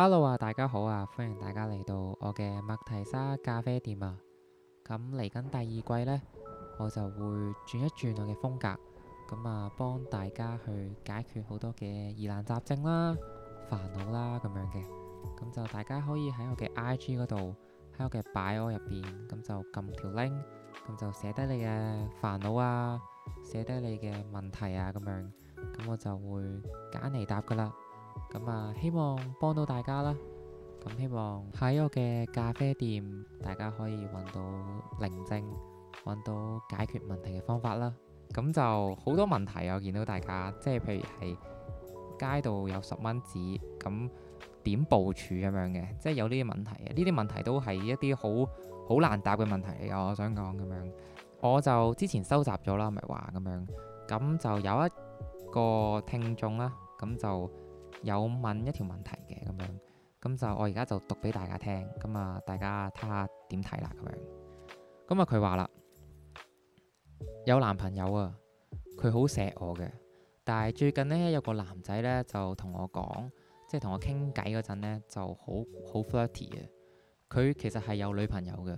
Hello 啊，大家好啊，歡迎大家嚟到我嘅麥提莎咖啡店啊。咁嚟緊第二季呢，我就會轉一轉我嘅風格，咁啊幫大家去解決好多嘅疑難雜症啦、煩惱啦咁樣嘅。咁就大家可以喺我嘅 IG 嗰度，喺我嘅 bio 入邊，咁就撳條 link，咁就寫低你嘅煩惱啊，寫低你嘅問題啊，咁樣，咁我就會揀嚟答噶啦。咁啊，希望幫到大家啦。咁希望喺我嘅咖啡店，大家可以搵到寧靜，搵到解決問題嘅方法啦。咁、嗯、就好多問題，我見到大家，即係譬如係街度有十蚊紙，咁點部署咁樣嘅，即係有呢啲問題啊。呢啲問題都係一啲好好難答嘅問題嚟。我想講咁樣，我就之前收集咗啦，咪話咁樣。咁就有一個聽眾啦，咁就。有問一條問題嘅咁樣，咁就我而家就讀俾大家聽，咁啊，大家睇下點睇啦。咁樣咁啊，佢話啦，有男朋友啊，佢好錫我嘅，但係最近呢，有個男仔呢，就同我講，即係同我傾偈嗰陣呢就好好 flirty 嘅。佢其實係有女朋友嘅，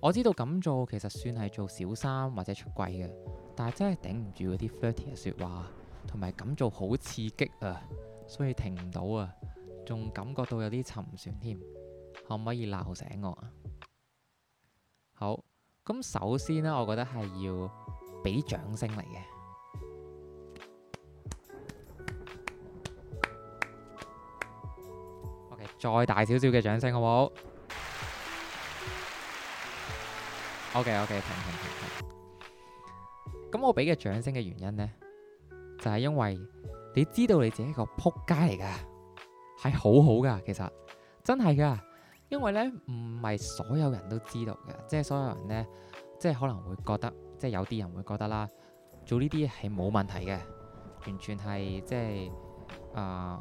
我知道咁做其實算係做小三或者出軌嘅，但係真係頂唔住嗰啲 flirty 嘅説話，同埋咁做好刺激啊！所以停唔到啊，仲感覺到有啲沉船添，可唔可以鬧醒我啊？好，咁首先呢，我覺得係要俾啲掌聲嚟嘅。OK，再大少少嘅掌聲，好唔好？OK，OK，停停停停。咁我俾嘅掌聲嘅原因呢，就係因為，你知道你自己一個撲街嚟噶，係好好噶，其實真係噶，因為咧唔係所有人都知道嘅，即係所有人咧，即係可能會覺得，即係有啲人會覺得啦，做呢啲嘢係冇問題嘅，完全係即係啊、呃，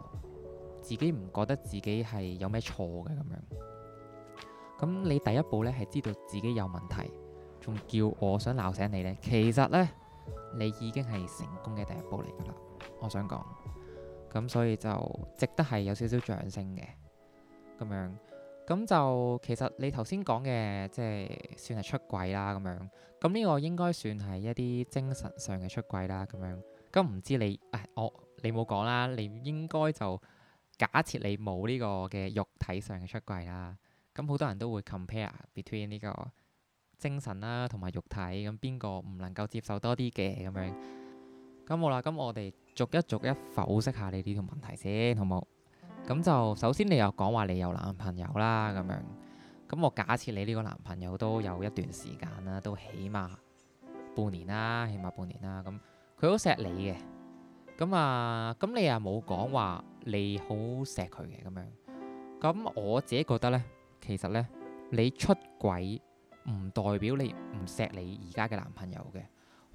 自己唔覺得自己係有咩錯嘅咁樣，咁你第一步咧係知道自己有問題，仲叫我想鬧醒你咧，其實咧你已經係成功嘅第一步嚟噶啦。我想講，咁所以就值得係有少少掌聲嘅，咁樣，咁就其實你頭先講嘅，即係算係出軌啦，咁樣，咁呢個應該算係一啲精神上嘅出軌啦，咁樣，咁唔知你，誒、哎，我、哦、你冇講啦，你應該就假設你冇呢個嘅肉體上嘅出軌啦，咁好多人都會 compare between 呢個精神啦同埋肉體，咁邊個唔能夠接受多啲嘅，咁樣，咁好啦，咁我哋。逐一逐一剖析下你呢條問題先，好冇？咁就首先你又講話你有男朋友啦，咁樣，咁我假設你呢個男朋友都有一段時間啦，都起碼半年啦，起碼半年啦，咁佢好錫你嘅，咁啊，咁你又冇講話你好錫佢嘅，咁樣，咁我自己覺得呢，其實呢，你出軌唔代表你唔錫你而家嘅男朋友嘅。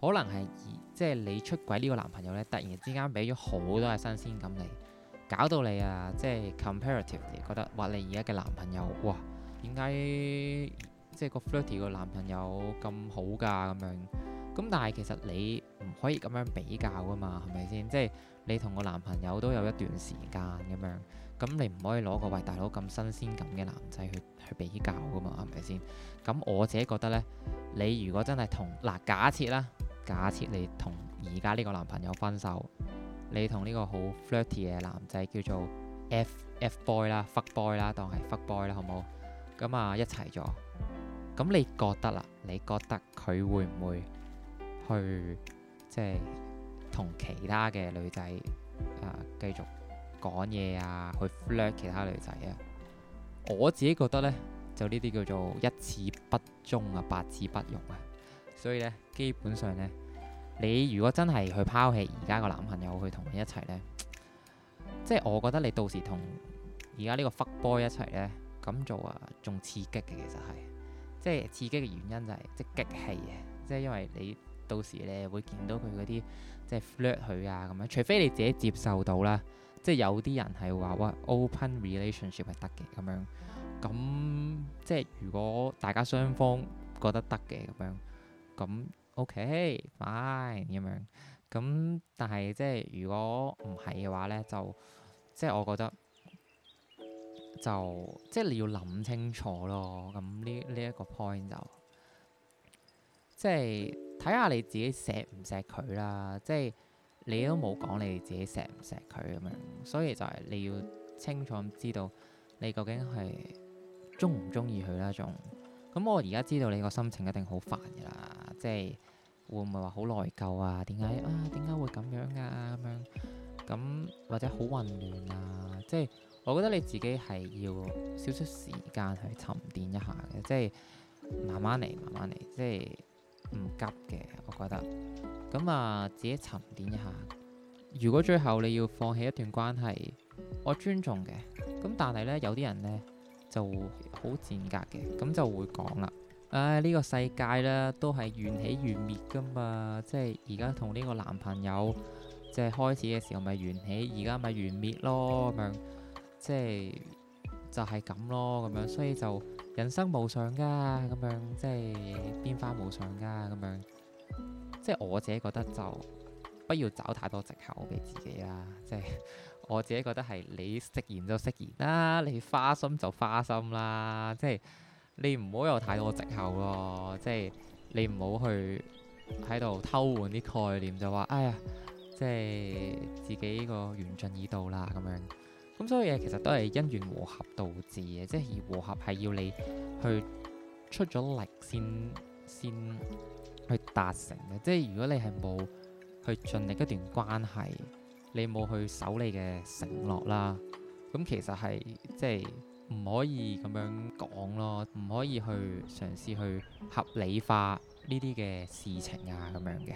可能係即係你出軌呢個男朋友呢，突然之間俾咗好多嘅新鮮感你，搞到你啊，即係 comparatively 覺得哇！你而家嘅男朋友哇，點解即係個 flirty 個男朋友咁好噶咁樣？咁但係其實你唔可以咁樣比較噶嘛，係咪先？即係你同個男朋友都有一段時間咁樣，咁你唔可以攞個喂大佬咁新鮮感嘅男仔去去比較噶嘛，係咪先？咁我自己覺得呢，你如果真係同嗱、啊、假設啦。假設你同而家呢個男朋友分手，你同呢個好 flirty 嘅男仔叫做 F F Boy 啦，Fuck Boy 啦，當係 Fuck Boy 啦，好冇咁啊一齊咗。咁你覺得啦？你覺得佢會唔會去即係同其他嘅女仔啊、呃、繼續講嘢啊，去 flirt 其他女仔啊？我自己覺得咧，就呢啲叫做一次不忠啊，百次不容啊。所以咧，基本上咧，你如果真係去拋棄而家個男朋友去同佢一齊咧，即係我覺得你到時同而家呢個 fuck boy 一齊咧，咁做啊，仲刺激嘅。其實係即係刺激嘅原因就係、是、即係激氣嘅，即係因為你到時咧會見到佢嗰啲即係 flirt 佢啊咁樣。除非你自己接受到啦，即係有啲人係話哇 open relationship 係得嘅咁樣，咁即係如果大家雙方覺得得嘅咁樣。咁 OK fine 咁樣，咁、嗯、但係即係如果唔係嘅話咧，就即係我覺得就即係你要諗清楚咯。咁呢呢一個 point，這個、就即係睇下你自己錫唔錫佢啦。即係你都冇講你自己錫唔錫佢咁樣，所以就係你要清楚咁知道你究竟係中唔中意佢啦，仲。咁我而家知道你個心情一定好煩噶啦，即係會唔會話好內疚啊？點解啊？點解會咁樣噶咁樣？咁或者好混亂啊？即係我覺得你自己係要少少時間去沉澱一下嘅，即係慢慢嚟，慢慢嚟，即係唔急嘅。我覺得咁啊，自己沉澱一下。如果最後你要放棄一段關係，我尊重嘅。咁但係咧，有啲人咧。就好賤格嘅，咁就會講啦。唉、哎，呢、呢個世界啦，都係緣起緣滅噶嘛。即係而家同呢個男朋友即係開始嘅時候咪緣起，而家咪緣滅咯。咁樣即係就係咁咯。咁樣所以就人生無常噶，咁樣即係變化無常噶。咁樣即係我自己覺得就不要找太多藉口俾自己啦。即係。我自己覺得係你食言就食言啦，你花心就花心啦，即係你唔好有太多借口咯，即係你唔好去喺度偷換啲概念就話，哎呀，即係自己個緣盡已到啦咁樣。咁所有嘢其實都係因緣和合導致嘅，即係而和合係要你去出咗力先先去達成嘅。即係如果你係冇去盡力一段關係。你冇去守你嘅承諾啦，咁其實係即係唔可以咁樣講咯，唔可以去嘗試去合理化呢啲嘅事情啊，咁樣嘅。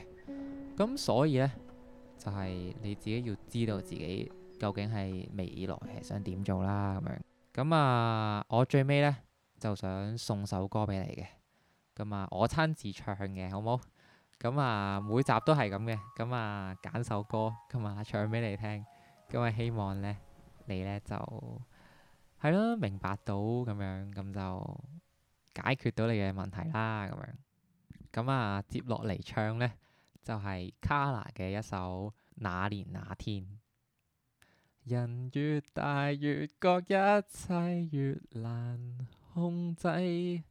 咁所以呢，就係你自己要知道自己究竟係未來係想點做啦咁樣。咁啊，我最尾呢就想送首歌俾你嘅，咁啊，我親自唱嘅，好冇？咁啊，每集都係咁嘅。咁啊，揀首歌咁啊，唱俾你聽。咁啊，希望咧，你咧就係咯，明白到咁樣，咁就解決到你嘅問題啦。咁樣咁啊，接落嚟唱咧就係 Kolor 嘅一首《那年那天》。人越大，越覺一切越難控制，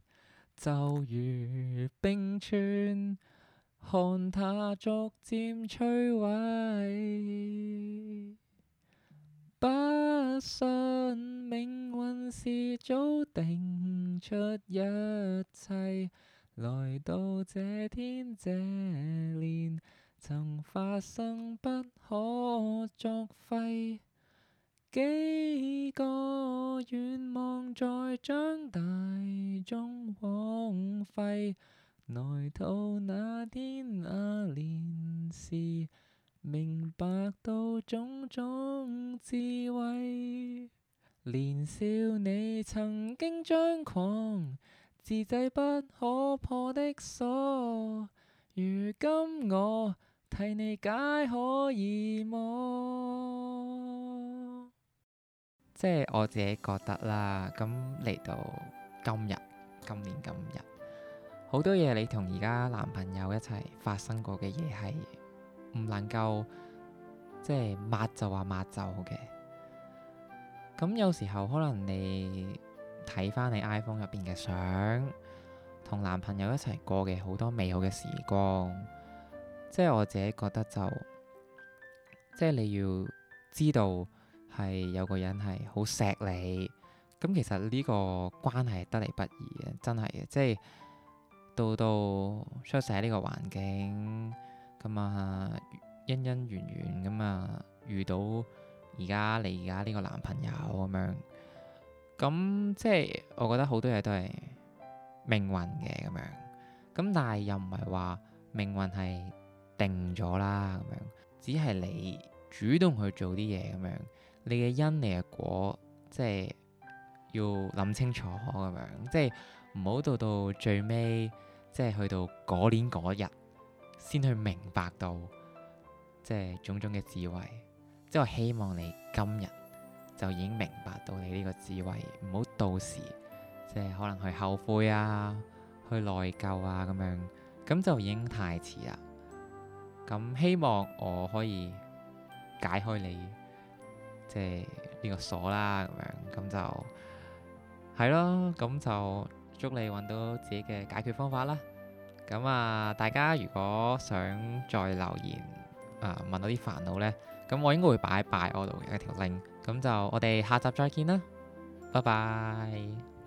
就如冰川。看他逐漸摧毀， 不信命運是早定出一切。 來到這天這年， 曾發生不可作廢。 幾個願望在長大中荒廢。來到那天那年時，明白到種種智慧。年少你曾經張狂，自製不可破的鎖，如今我替你解可以麼？即係我自己覺得啦，咁嚟到今日，今年今日。好多嘢，你同而家男朋友一齊發生過嘅嘢係唔能夠即係抹就話抹走嘅。咁有時候可能你睇翻你 iPhone 入邊嘅相，同男朋友一齊過嘅好多美好嘅時光，即係我自己覺得就即係你要知道係有個人係好錫你。咁其實呢個關係得嚟不易嘅，真係嘅，即係。到到出世呢個環境咁啊，因因緣緣咁啊，遇到而家你而家呢個男朋友咁樣，咁即係我覺得好多嘢都係命運嘅咁樣，咁但係又唔係話命運係定咗啦咁樣，只係你主動去做啲嘢咁樣，你嘅因你嘅果，即係要諗清楚咁樣，即係唔好到到最尾。即係去到嗰年嗰日，先去明白到即係種種嘅智慧。即係我希望你今日就已經明白到你呢個智慧，唔好到時即係可能去後悔啊，去內疚啊咁樣，咁就已經太遲啦。咁希望我可以解開你即係呢個鎖啦，咁樣咁就係咯，咁就。祝你揾到自己嘅解決方法啦！咁啊，大家如果想再留言啊、呃，問到啲煩惱呢，咁我應該會擺喺我度一條 link。咁就我哋下集再見啦，拜拜！